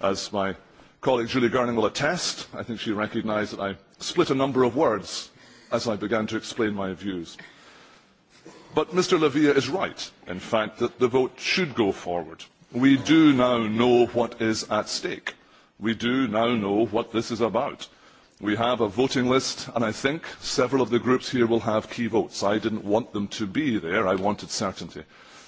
As my colleague Julie Garning will attest, I think she recognised that I split a number of words as I began to explain my views. But Mr Lavia is right, in fact, that the vote should go forward. We do now know what is at stake. We do now know what this is about. We have a voting list, and I think several of the groups here will have key votes. I didn't want them to be there. I wanted certainty.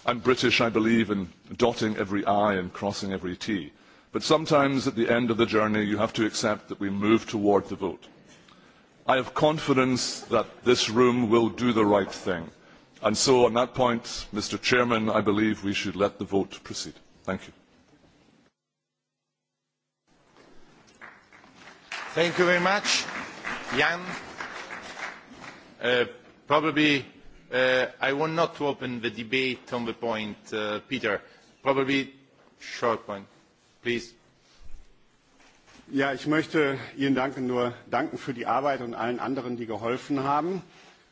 I'm British, I believe, in dotting every I and crossing every T but sometimes at the end of the journey you have to accept that we move toward the vote. i have confidence that this room will do the right thing and so on that point mr chairman i believe we should let the vote proceed. thank you. thank you very much jan. Uh, probably uh, i want not to open the debate on the point uh, peter probably short point. Please. Ja, ich möchte Ihnen danken, nur danken für die Arbeit und allen anderen, die geholfen haben.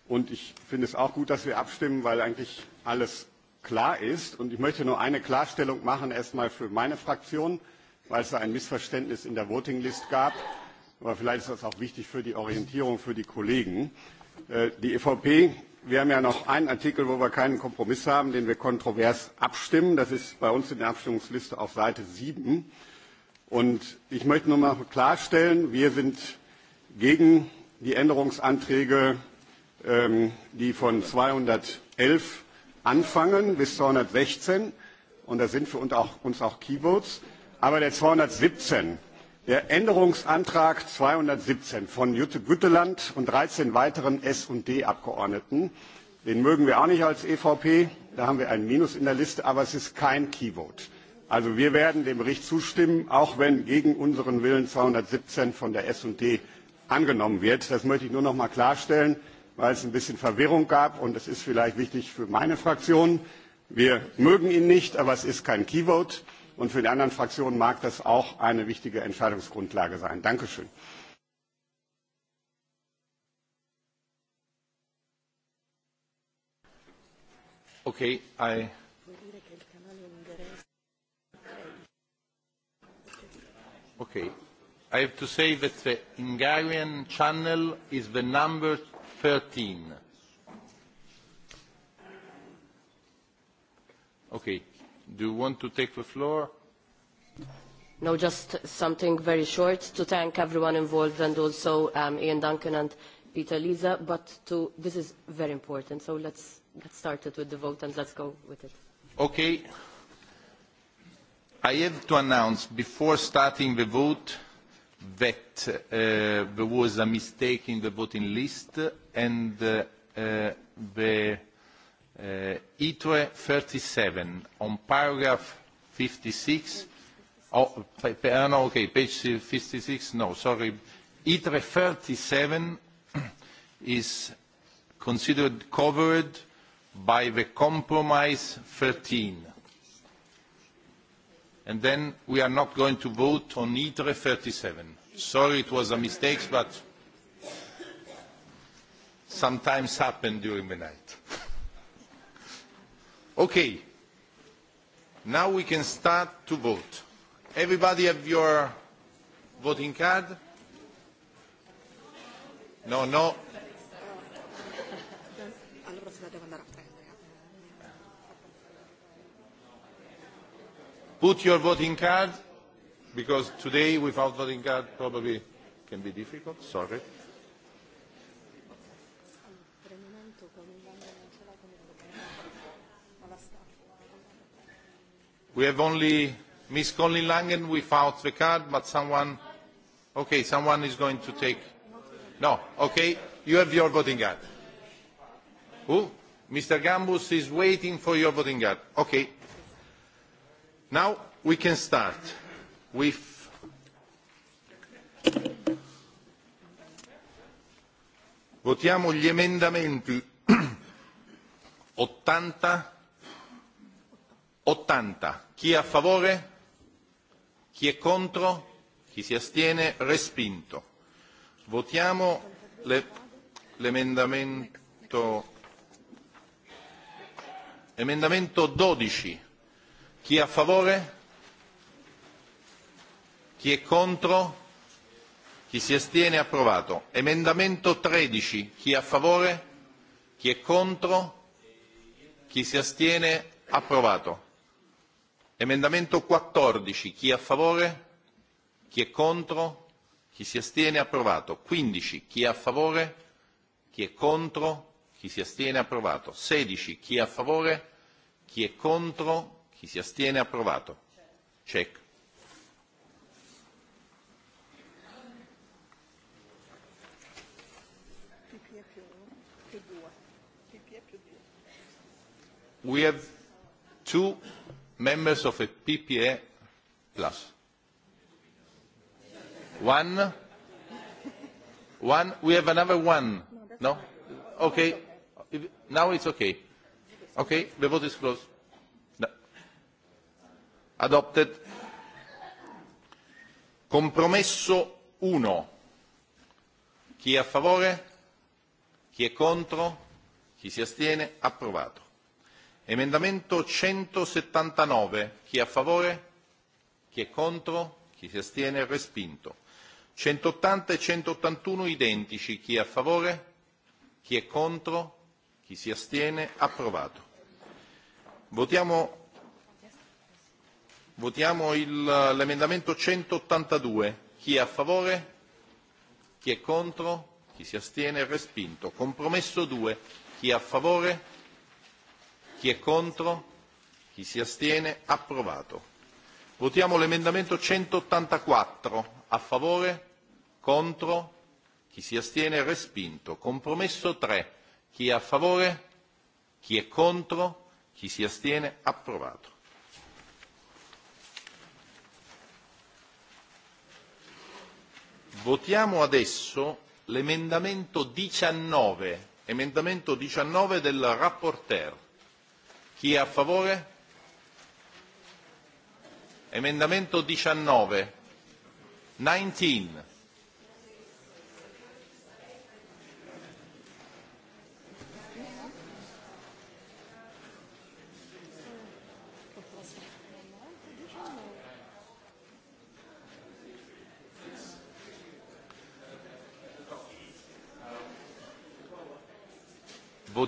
Und ich finde es auch gut, dass wir abstimmen, weil eigentlich alles klar ist. Und ich möchte nur eine Klarstellung machen, erstmal für meine Fraktion, weil es da ein Missverständnis in der Voting List gab. Aber vielleicht ist das auch wichtig für die Orientierung für die Kollegen. Äh, die EVP wir haben ja noch einen Artikel, wo wir keinen Kompromiss haben, den wir kontrovers abstimmen. Das ist bei uns in der Abstimmungsliste auf Seite 7. Und ich möchte nur mal klarstellen, wir sind gegen die Änderungsanträge, ähm, die von 211 anfangen bis 216. Und das sind für uns auch, uns auch Keywords. Aber der 217, Der Änderungsantrag 217 von Jutta Gütteland und 13 weiteren S- D-Abgeordneten, den mögen wir auch nicht als EVP. Da haben wir ein Minus in der Liste, aber es ist kein Keyvote. Also wir werden dem Bericht zustimmen, auch wenn gegen unseren Willen 217 von der S D angenommen wird. Das möchte ich nur noch mal klarstellen, weil es ein bisschen Verwirrung gab und es ist vielleicht wichtig für meine Fraktion. Wir mögen ihn nicht, aber es ist kein Keyvote. Und für die anderen Fraktionen mag das auch eine wichtige Entscheidungsgrundlage sein. Dankeschön. Okay, I... Okay. I have to say that the Hungarian channel is the number 13. Okay do you want to take the floor? No, just something very short to thank everyone involved and also um, Ian Duncan and Peter Lisa, but to, this is very important, so let's get started with the vote and let's go with it. Okay. I have to announce before starting the vote that uh, there was a mistake in the voting list and uh, uh, the Eh, itre 37 on paragraph 56 oh, pa, pa, ah, no, okay page 56 no sorry itre 37 is considered covered by the compromise 13 and then we are not going to vote on itre 37 sorry it was a mistake but sometimes happened during the night Okay. Now we can start to vote. Everybody have your voting card? No, no. Put your voting card, because today without voting card probably can be difficult. Sorry. We have only Miss Colin Langen without the card, but someone... Okay, someone is going to take... No, okay, you have your voting card. Who? Mr. Gambus is waiting for your voting card. Okay. Now we can start with Votiamo gli emendamenti 80 80 chi è a favore chi è contro chi si astiene respinto votiamo l'emendamento emendamento 12 chi è a favore chi è contro chi si astiene approvato emendamento 13 chi è a favore chi è contro chi si astiene approvato Emendamento 14, chi è a favore? Chi è contro? Chi si astiene? Approvato. 15, chi è a favore? Chi è contro? Chi si astiene? Approvato. 16, chi è a favore? Chi è contro? Chi si astiene? Approvato. Check. We have two members of a PPA plus. One? One? We have another one? No? Okay. Now it's okay. Okay, the vote is closed. No. Adopted. Compromesso uno. Chi è a favore? Chi è contro? Chi si astiene? Approvato emendamento 179 chi è a favore chi è contro chi si astiene respinto 180 e 181 identici chi è a favore chi è contro chi si astiene approvato votiamo votiamo l'emendamento 182 chi è a favore chi è contro chi si astiene respinto compromesso 2 chi è a favore Chi è contro? Chi si astiene? Approvato. Votiamo l'emendamento 184. A favore? Contro? Chi si astiene? Respinto. Compromesso 3. Chi è a favore? Chi è contro? Chi si astiene? Approvato. Votiamo adesso l'emendamento 19, emendamento 19 del rapporteur. Chi è a favore? Emendamento 19. 19.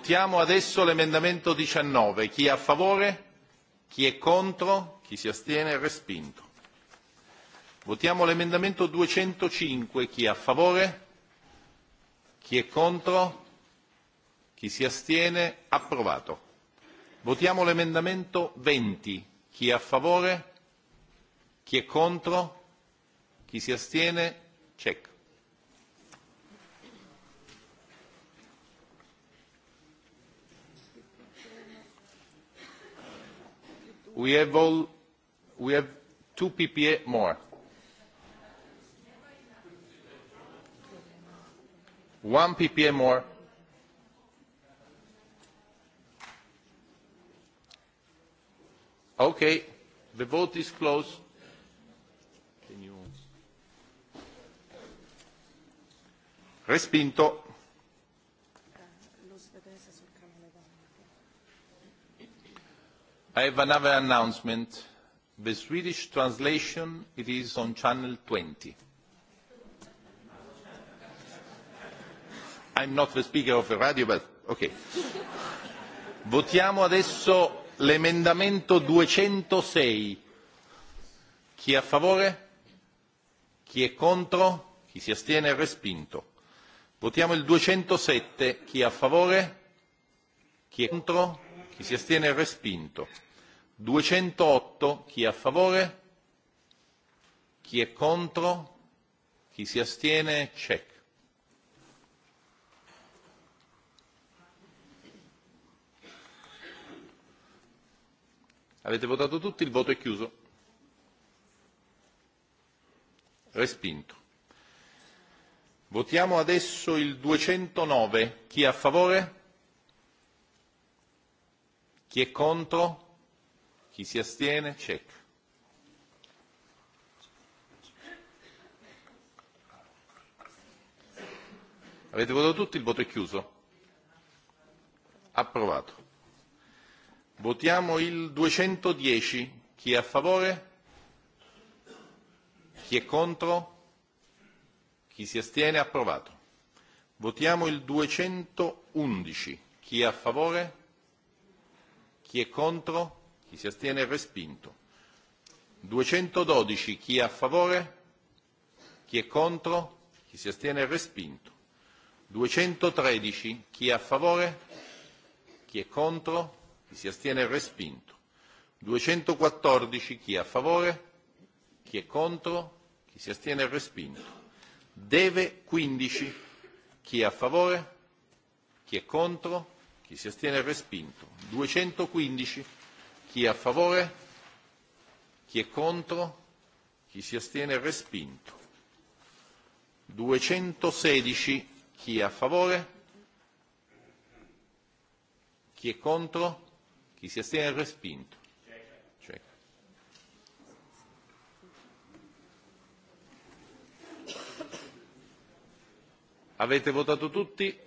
Votiamo adesso l'emendamento 19. Chi è a favore? Chi è contro? Chi si astiene? Respinto. Votiamo l'emendamento 205. Chi è a favore? Chi è contro? Chi si astiene? Approvato. Votiamo l'emendamento 20. Chi è a favore? Chi è contro? Chi si astiene? Check. We have, all, we have two PPA more. One PPA more. Okay, the vote is closed. Respinto I have another announcement. The Swedish translation, it is on channel 20. I'm not the speaker of the radio, but okay. Votiamo adesso l'emendamento 206. Chi è a favore? Chi è contro? Chi si astiene è respinto. Votiamo il 207. Chi è a favore? Chi è contro? Chi si astiene respinto. 208 chi è a favore? Chi è contro? Chi si astiene? Check. Avete votato tutti, il voto è chiuso. Respinto. Votiamo adesso il 209. Chi è a favore? Chi è contro? Chi si astiene? Check. Avete votato tutti? Il voto è chiuso. Approvato. Votiamo il 210. Chi è a favore? Chi è contro? Chi si astiene? Approvato. Votiamo il 211. Chi è a favore? Chi è contro? Chi si astiene? Respinto. 212. Chi è a favore? Chi è contro? Chi si astiene? Respinto. 213. Chi è a favore? Chi è contro? Chi si astiene? Respinto. 214. Chi è a favore? Chi è contro? Chi si astiene? Respinto. Deve 15. Chi è a favore? Chi è contro? Chi si astiene respinto. 215. Chi è a favore? Chi è contro? Chi si astiene respinto. 216. Chi è a favore? Chi è contro? Chi si astiene è respinto. Avete votato tutti?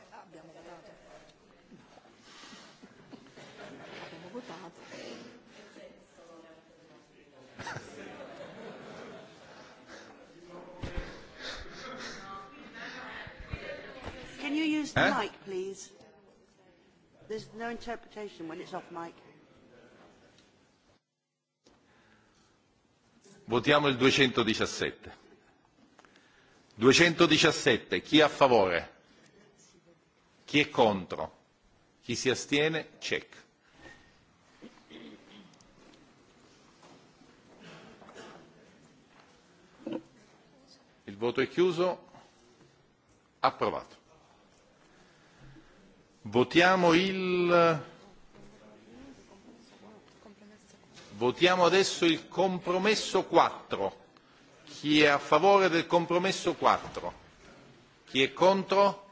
Use please. There's no interpretation when it's off mic. Votiamo il 217. 217. Chi è a favore? Chi è contro? Chi si astiene? Check. Il voto è chiuso. Approvato. Votiamo il Votiamo adesso il compromesso 4. Chi è a favore del compromesso 4? Chi è contro?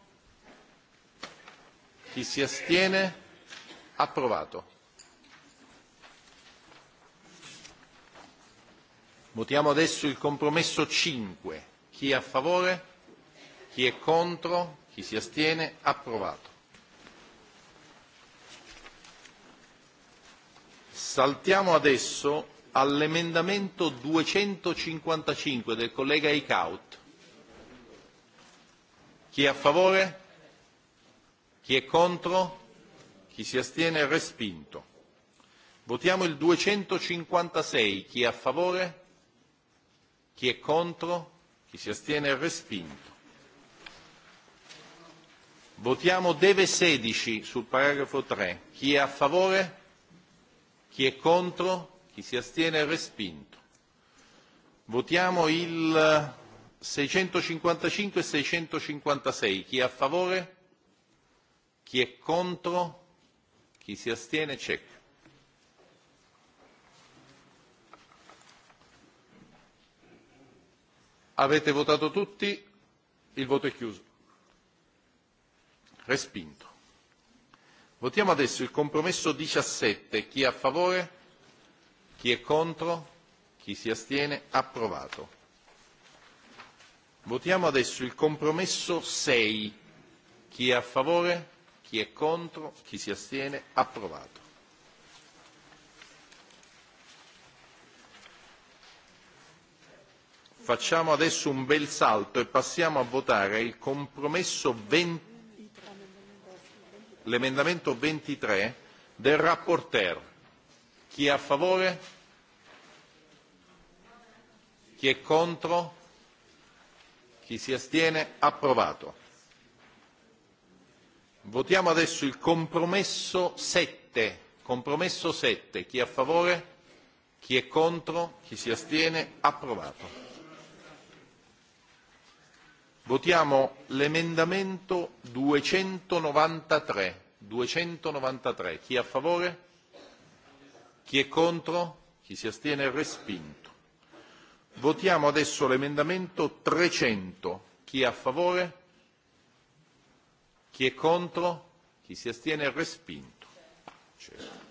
Chi si astiene? Approvato. Votiamo adesso il compromesso 5. Chi è a favore? Chi è contro? Chi si astiene? Approvato. Saltiamo adesso all'emendamento 255 del collega Icaut. Chi è a favore? Chi è contro? Chi si astiene? Respinto. Votiamo il 256. Chi è a favore? Chi è contro? Chi si astiene? Respinto. Votiamo Deve 16 sul paragrafo 3. Chi è a favore? Chi è contro? Chi si astiene? Respinto. Votiamo il 655 e 656. Chi è a favore? Chi è contro? Chi si astiene? Check. Avete votato tutti? Il voto è chiuso. Respinto. Votiamo adesso il compromesso 17. Chi è a favore? Chi è contro? Chi si astiene? Approvato. Votiamo adesso il compromesso 6. Chi è a favore? Chi è contro? Chi si astiene? Approvato. Facciamo adesso un bel salto e passiamo a votare il compromesso 21 l'emendamento 23 del rapporteur. Chi è a favore? Chi è contro? Chi si astiene? Approvato. Votiamo adesso il compromesso 7. Compromesso 7. Chi è a favore? Chi è contro? Chi si astiene? Approvato. Votiamo l'emendamento 293. 293. Chi è a favore? Chi è contro? Chi si astiene? Respinto. Votiamo adesso l'emendamento 300. Chi è a favore? Chi è contro? Chi si astiene? Respinto. Certo.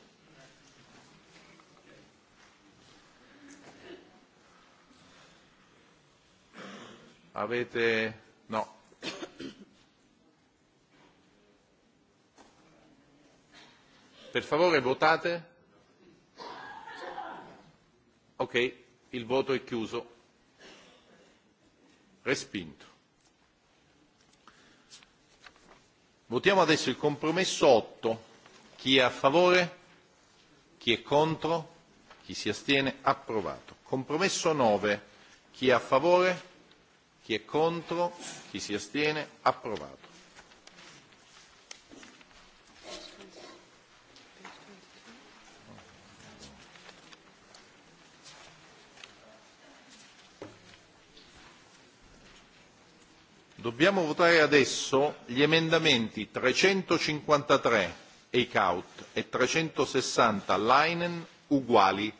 Avete no. Per favore votate. Ok, il voto è chiuso. Respinto. Votiamo adesso il compromesso 8. Chi è a favore? Chi è contro? Chi si astiene? Approvato. Compromesso 9. Chi è a favore? Chi è contro? Chi si astiene? Approvato. Dobbiamo votare adesso gli emendamenti 353 Eichhout e 360 Leinen uguali.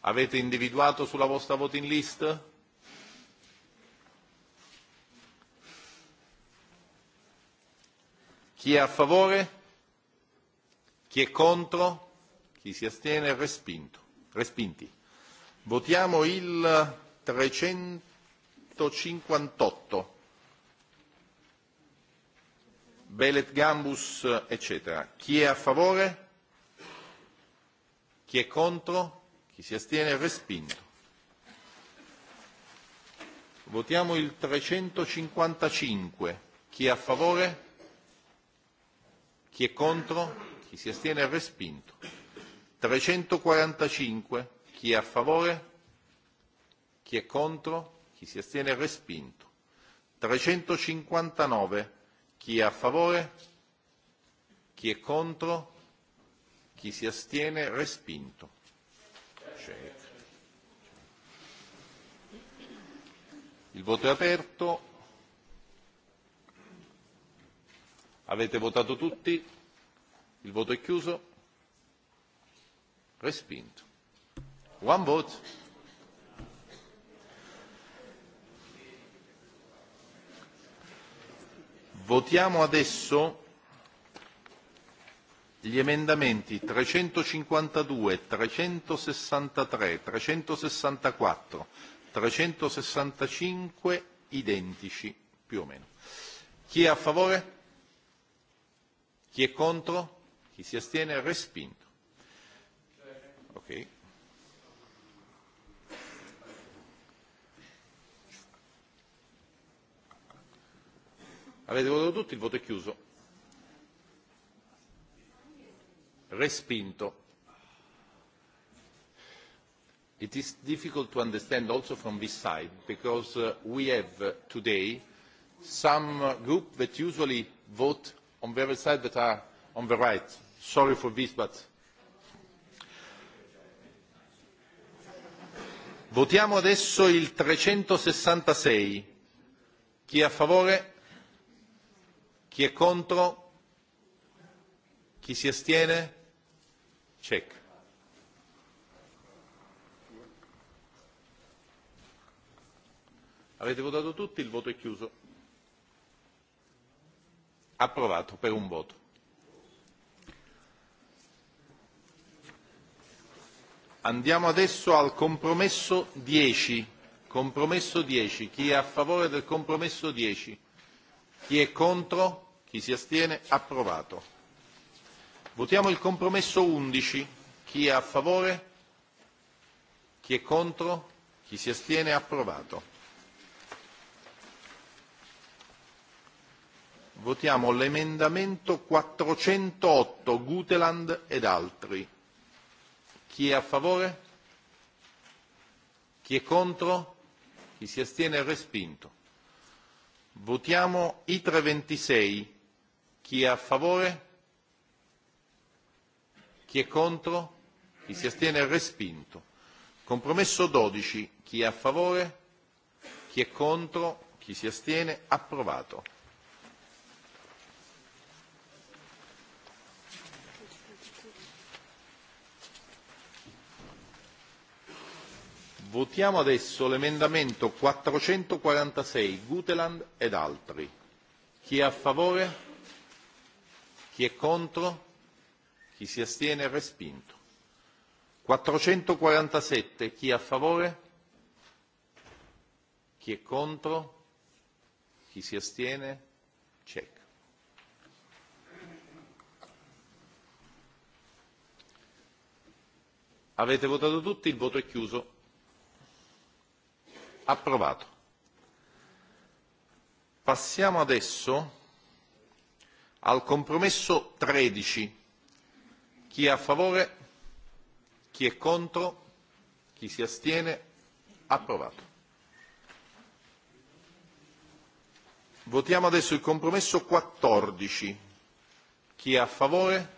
Avete individuato sulla vostra voting list? chi è a favore chi è contro chi si astiene respinto respinti votiamo il 358 Belet Gambus eccetera chi è a favore chi è contro chi si astiene respinto votiamo il 355 chi è a favore Chi è contro? Chi si astiene respinto. 345. Chi è a favore? Chi è contro? Chi si astiene respinto. 359. Chi è a favore? Chi è contro? Chi si astiene? Respinto. Il voto è aperto. avete votato tutti il voto è chiuso respinto one vote votiamo adesso gli emendamenti 352 363 364 365 identici più o meno chi è a favore Chi è contro? Chi si astiene? Respinto. Ok. Avete votato tutti? Il voto è chiuso. Respinto. It is difficult to understand also from this side because we have today some uh, group that usually vote on the other side that are on the right. Sorry for this, but... Votiamo adesso il 366. Chi è a favore? Chi è contro? Chi si astiene? Check. Avete votato tutti, il voto è chiuso approvato per un voto andiamo adesso al compromesso 10 compromesso 10 chi è a favore del compromesso 10 chi è contro chi si astiene approvato votiamo il compromesso 11 chi è a favore chi è contro chi si astiene approvato Votiamo l'emendamento 408 Guteland ed altri. Chi è a favore? Chi è contro? Chi si astiene respinto. Votiamo i 326. Chi è a favore? Chi è contro? Chi si astiene respinto. Compromesso 12. Chi è a favore? Chi è contro? Chi si astiene? Approvato. Votiamo adesso l'emendamento 446, Guteland ed altri. Chi è a favore? Chi è contro? Chi si astiene respinto. 447, chi è a favore? Chi è contro? Chi si astiene? Check. Avete votato tutti, il voto è chiuso approvato passiamo adesso al compromesso 13 chi è a favore chi è contro chi si astiene approvato votiamo adesso il compromesso 14 chi è a favore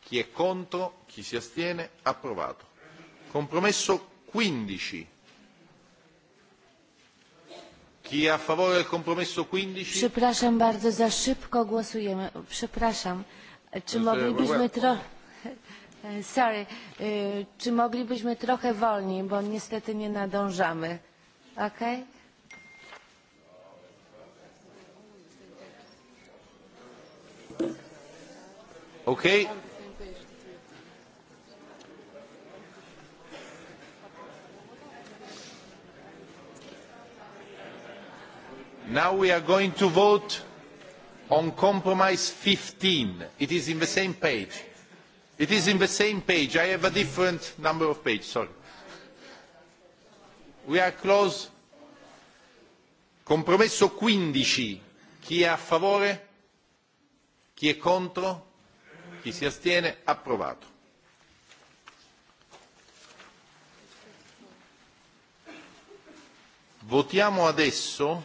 chi è contro chi si astiene approvato compromesso 15 15? Przepraszam bardzo, za szybko głosujemy. Przepraszam. Czy moglibyśmy trochę... Sorry. Czy moglibyśmy trochę wolniej, bo niestety nie nadążamy. Okej? Okej. Now we are going to vote on compromise fifteen. It is in the same page. It is in the same page. I have a different number of pages, sorry. We are close. Compromesso quindici. Chi è a favore? Chi è contro? Chi si astiene? Approvato. Votiamo adesso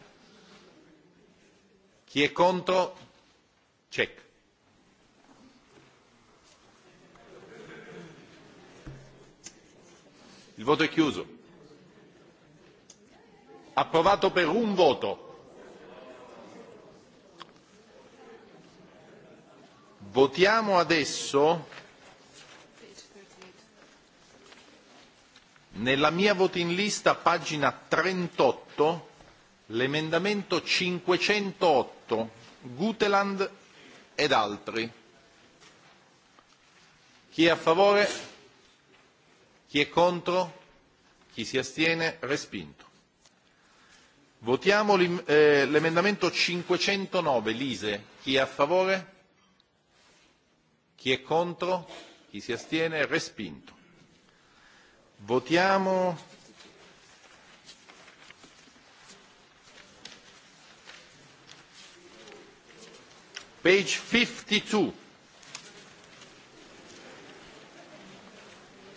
Chi è contro? Check. Il voto è chiuso. Approvato per un voto. Votiamo adesso nella mia voting lista pagina 38 l'emendamento 508 Guteland ed altri. Chi è a favore? Chi è contro? Chi si astiene? Respinto. Votiamo eh, l'emendamento 509 Lise. Chi è a favore? Chi è contro? Chi si astiene? Respinto. Votiamo page 52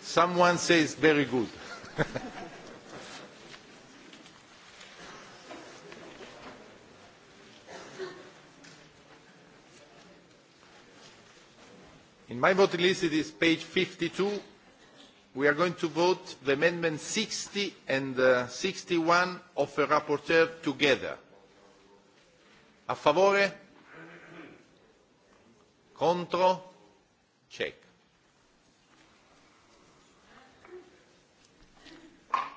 someone says very good in my voting list it is page 52 we are going to vote the amendment 60 and uh, 61 of the rapporteur together a favore contro check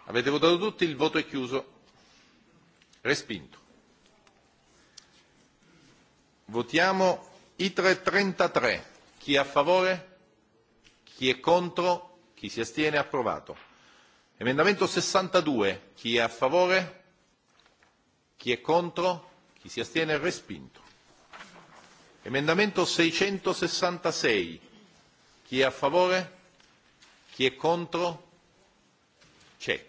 avete votato tutti il voto è chiuso respinto votiamo itre 33 chi è a favore chi è contro chi si astiene approvato emendamento 62 chi è a favore chi è contro chi si astiene respinto Emendamento 666. Chi è a favore? Chi è contro? Check.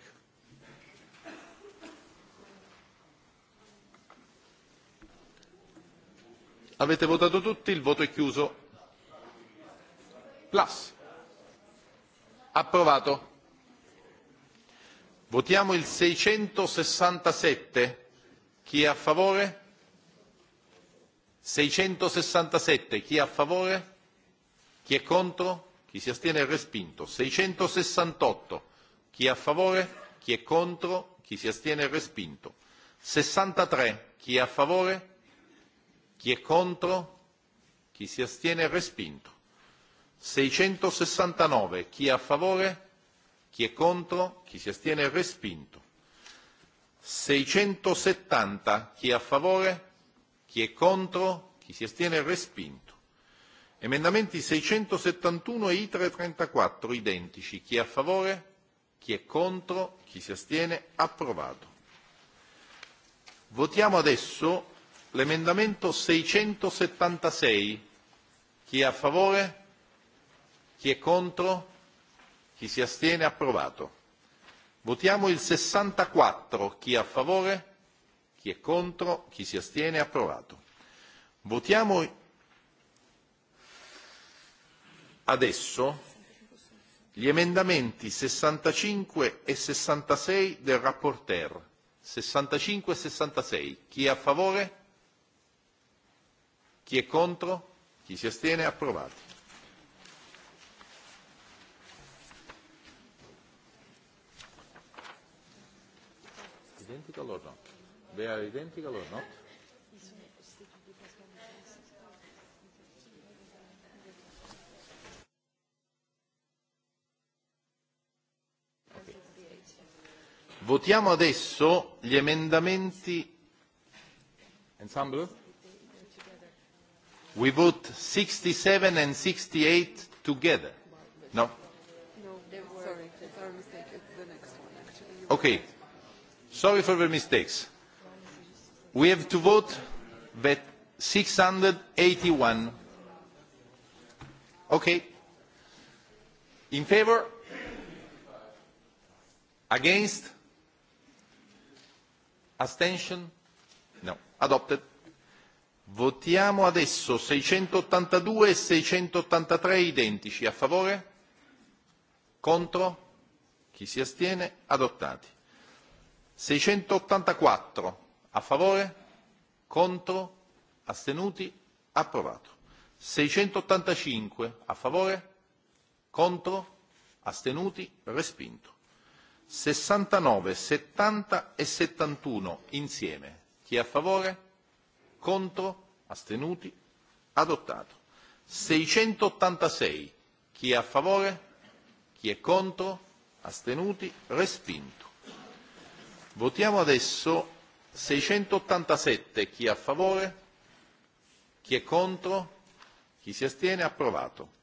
Avete votato tutti, il voto è chiuso. Plus. Approvato. Votiamo il 667. Chi è a favore? 667 chi è a favore chi è contro chi si astiene respinto 668 chi è a favore chi è contro chi si astiene è respinto 63 chi è a favore chi è contro chi si astiene respinto 669 chi è a favore chi è contro chi si astiene respinto 670 chi è a favore Chi è contro? Chi si astiene? Respinto. Emendamenti 671 e ITRE 34 identici. Chi è a favore? Chi è contro? Chi si astiene? Approvato. Votiamo adesso l'emendamento 676. Chi è a favore? Chi è contro? Chi si astiene? Approvato. Votiamo il 64. Chi è a favore? Chi è contro? Chi si astiene? Approvato. Votiamo adesso gli emendamenti 65 e 66 del rapporteur. 65 e 66. Chi è a favore? Chi è contro? Chi si astiene? Approvati. Identico all'ordine. They are identical or not? Votiamo adesso gli emendamenti ensemble. We vote 67 and 68 together. No. Okay. Sorry for the mistakes we have to vote six hundred eighty 681 okay in favor against abstention no adopted votiamo adesso seicentottantadue e 683 identici a favore contro chi si astiene adottati 684 a favore contro astenuti approvato 685 a favore contro astenuti respinto 69 70 e 71 insieme chi è a favore contro astenuti adottato 686 chi è a favore chi è contro astenuti respinto votiamo adesso 687 chi è a favore chi è contro chi si astiene approvato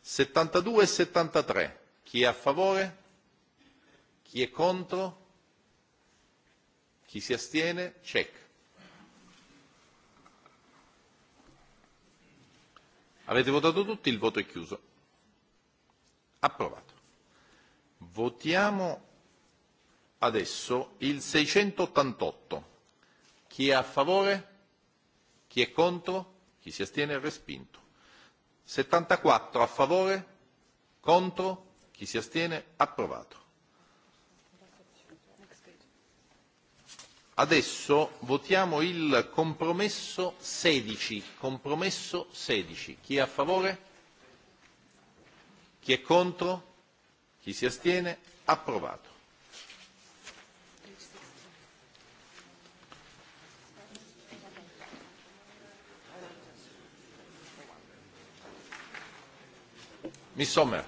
72 e 73 chi è a favore chi è contro chi si astiene check avete votato tutti il voto è chiuso approvato votiamo adesso il 688. Chi è a favore? Chi è contro? Chi si astiene respinto. 74 a favore? Contro? Chi si astiene? Approvato. Adesso votiamo il compromesso 16. Compromesso 16. Chi è a favore? Chi è contro? Chi si astiene? Approvato. Miss Sommer.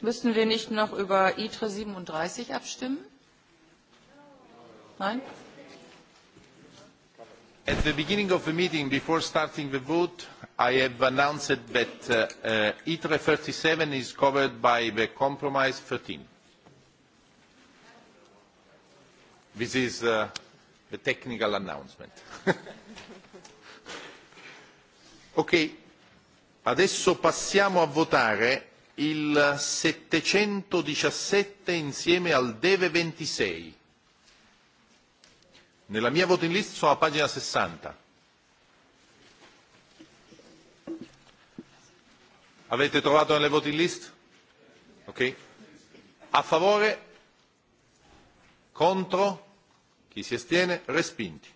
Müssten wir nicht noch über ITRE 37 abstimmen? Nein? At the beginning of the meeting, before starting the vote, I have announced that uh, uh, ITRE 37 is covered by the compromise 13. This is uh, the technical announcement. okay, adesso passiamo a votare il 717 insieme al deve 26 nella mia voting list sono a pagina 60 avete trovato nelle voting list ok a favore contro chi si astiene respinti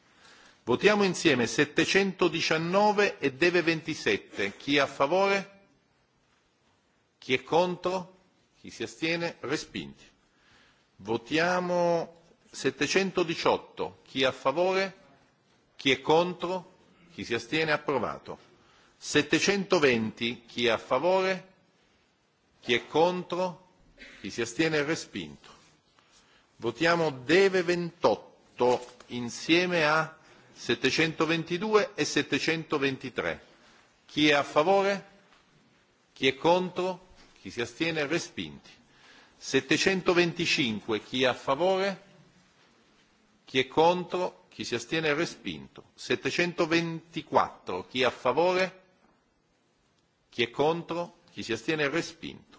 Votiamo insieme 719 e deve 27. Chi è a favore? Chi è contro? Chi si astiene? Respinti. Votiamo 718. Chi è a favore? Chi è contro? Chi si astiene? Approvato. 720. Chi è a favore? Chi è contro? Chi si astiene? Respinto. Votiamo Deve 28 insieme a 722 e 723. Chi è a favore? Chi è contro? Chi si astiene? Respinti. 725. Chi è a favore? Chi è contro? Chi si astiene? Respinto. 724. Chi è a favore? Chi è contro? Chi si astiene? Respinto.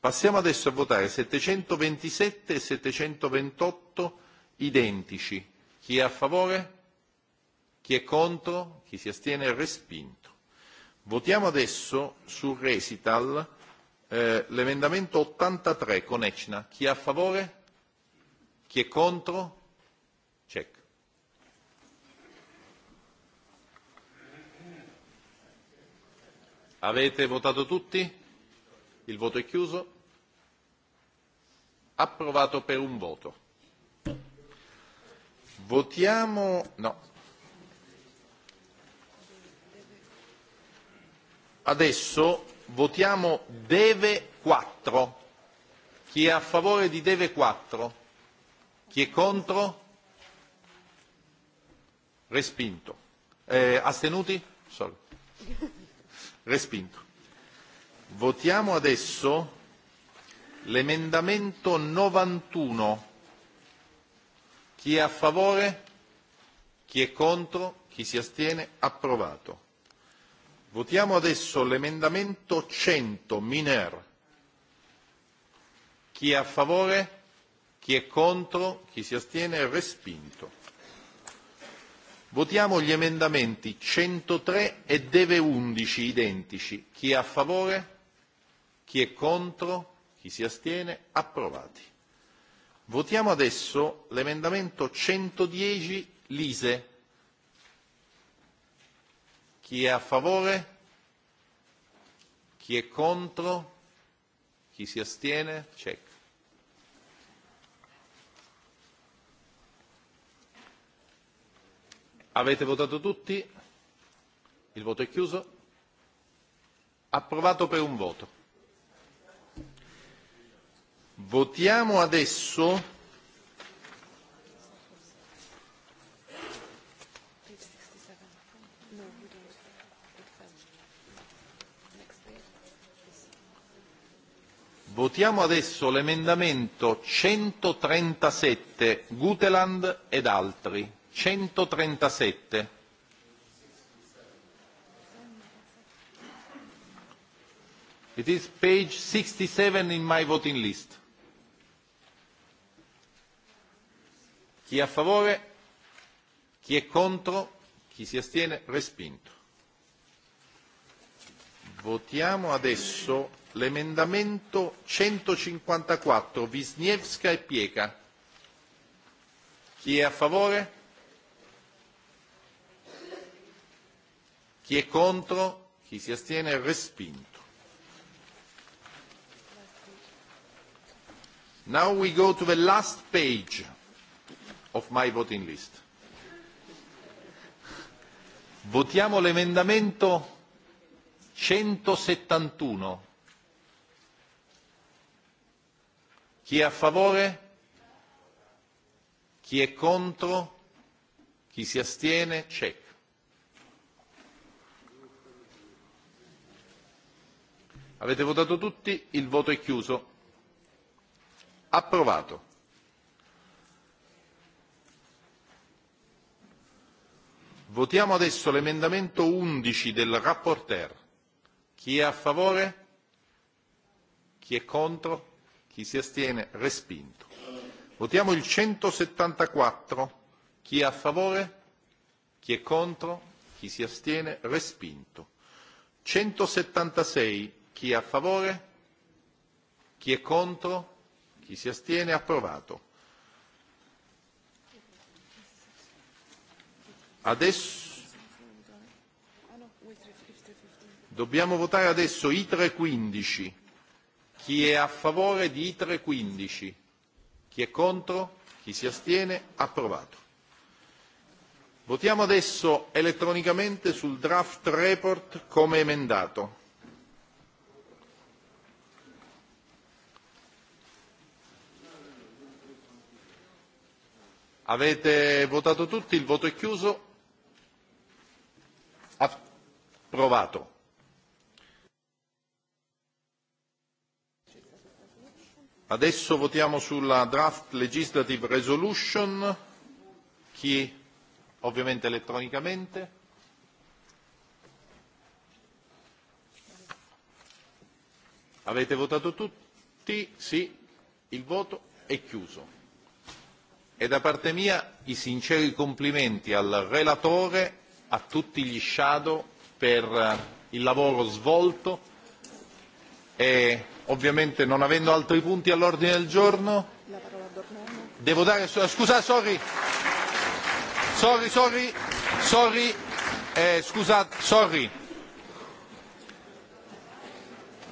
Passiamo adesso a votare 727 e 728 identici. Chi è a favore? Chi è contro? Chi si astiene? Respinto. Votiamo adesso su Resital eh, l'emendamento 83 con Ecna. Chi è a favore? Chi è contro? Check. Avete votato tutti? Il voto è chiuso. Approvato per un voto. Votiamo... No, Adesso votiamo Deve 4. Chi è a favore di Deve 4? Chi è contro? Respinto. Eh, astenuti? Sorry. Respinto. Votiamo adesso l'emendamento 91. Chi è a favore? Chi è contro? Chi si astiene? Approvato Votiamo adesso l'emendamento 100 Miner. Chi è a favore? Chi è contro? Chi si astiene? Respinto. Votiamo gli emendamenti 103 e deve 11 identici. Chi è a favore? Chi è contro? Chi si astiene? Approvati. Votiamo adesso l'emendamento 110 Lise. Chi è a favore? Chi è contro? Chi si astiene? Check. Avete votato tutti? Il voto è chiuso. Approvato per un voto. Votiamo adesso Votiamo adesso l'emendamento 137, Guteland ed altri. 137. It is page 67 in my voting list. Chi è a favore? Chi è contro? Chi si astiene? Respinto. Votiamo adesso l'emendamento 154 Wisniewska e Pieka. Chi è a favore? Chi è contro? Chi si astiene? Respinto. Now we go to the last page of my voting list. Votiamo l'emendamento 171 Chi è a favore? Chi è contro? Chi si astiene? Check. Avete votato tutti? Il voto è chiuso. Approvato. Votiamo adesso l'emendamento 11 del rapporteur. Chi è a favore? Chi è contro? Chi si astiene? Respinto. Votiamo il 174. Chi è a favore? Chi è contro? Chi si astiene? Respinto. 176. Chi è a favore? Chi è contro? Chi si astiene? Approvato. Adesso dobbiamo votare adesso i 15. Chi è a favore di ITRE 15? Chi è contro? Chi si astiene? Approvato. Votiamo adesso elettronicamente sul draft report come emendato. Avete votato tutti, il voto è chiuso. Approvato. Adesso votiamo sulla draft legislative resolution, chi ovviamente elettronicamente. Avete votato tutti? Sì, il voto è chiuso. E da parte mia i sinceri complimenti al relatore, a tutti gli shadow per il lavoro svolto e ovviamente non avendo altri punti all'ordine del giorno devo dare scusa sorry sorry sorry sorry eh, scusa sorry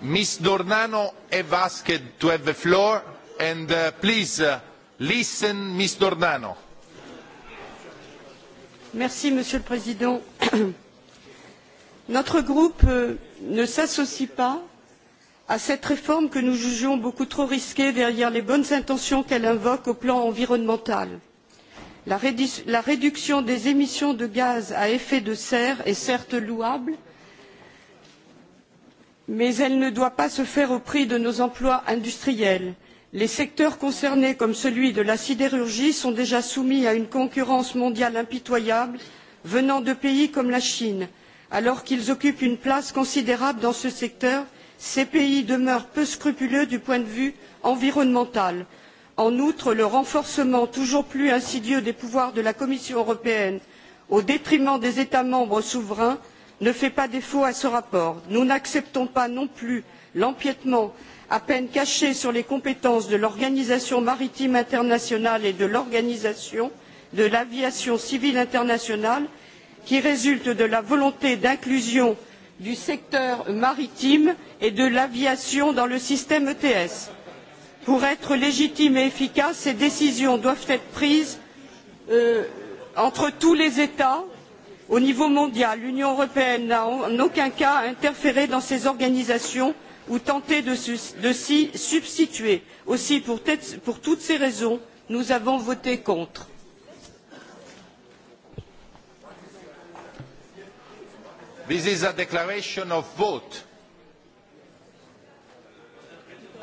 Miss Dornano have asked to have the floor and uh, please uh, listen Miss Dornano Merci monsieur le président Notre groupe euh, ne s'associe pas à cette réforme que nous jugeons beaucoup trop risquée derrière les bonnes intentions qu'elle invoque au plan environnemental. La, la réduction des émissions de gaz à effet de serre est certes louable mais elle ne doit pas se faire au prix de nos emplois industriels. les secteurs concernés comme celui de la sidérurgie sont déjà soumis à une concurrence mondiale impitoyable venant de pays comme la chine alors qu'ils occupent une place considérable dans ce secteur ces pays demeurent peu scrupuleux du point de vue environnemental. en outre le renforcement toujours plus insidieux des pouvoirs de la commission européenne au détriment des états membres souverains ne fait pas défaut à ce rapport. nous n'acceptons pas non plus l'empiétement à peine caché sur les compétences de l'organisation maritime internationale et de l'organisation de l'aviation civile internationale qui résulte de la volonté d'inclusion du secteur maritime et de l'aviation dans le système ets. pour être légitimes et efficaces ces décisions doivent être prises euh, entre tous les états au niveau mondial. l'union européenne n'a en aucun cas à interférer dans ces organisations ou tenter de s'y substituer. aussi pour toutes ces raisons nous avons voté contre. This is a declaration of vote.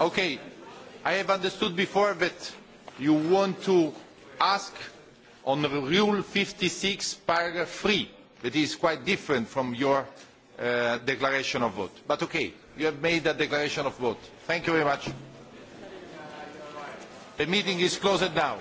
Okay, I have understood before that you want to ask on Rule 56, paragraph 3, that is quite different from your uh, declaration of vote. But okay, you have made a declaration of vote. Thank you very much. The meeting is closed now.